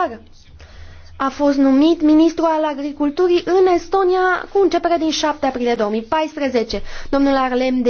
alimentară. A fost numit ministru al agriculturii în Estonia cu începere din 7 aprilie 2014. Domnul Arlem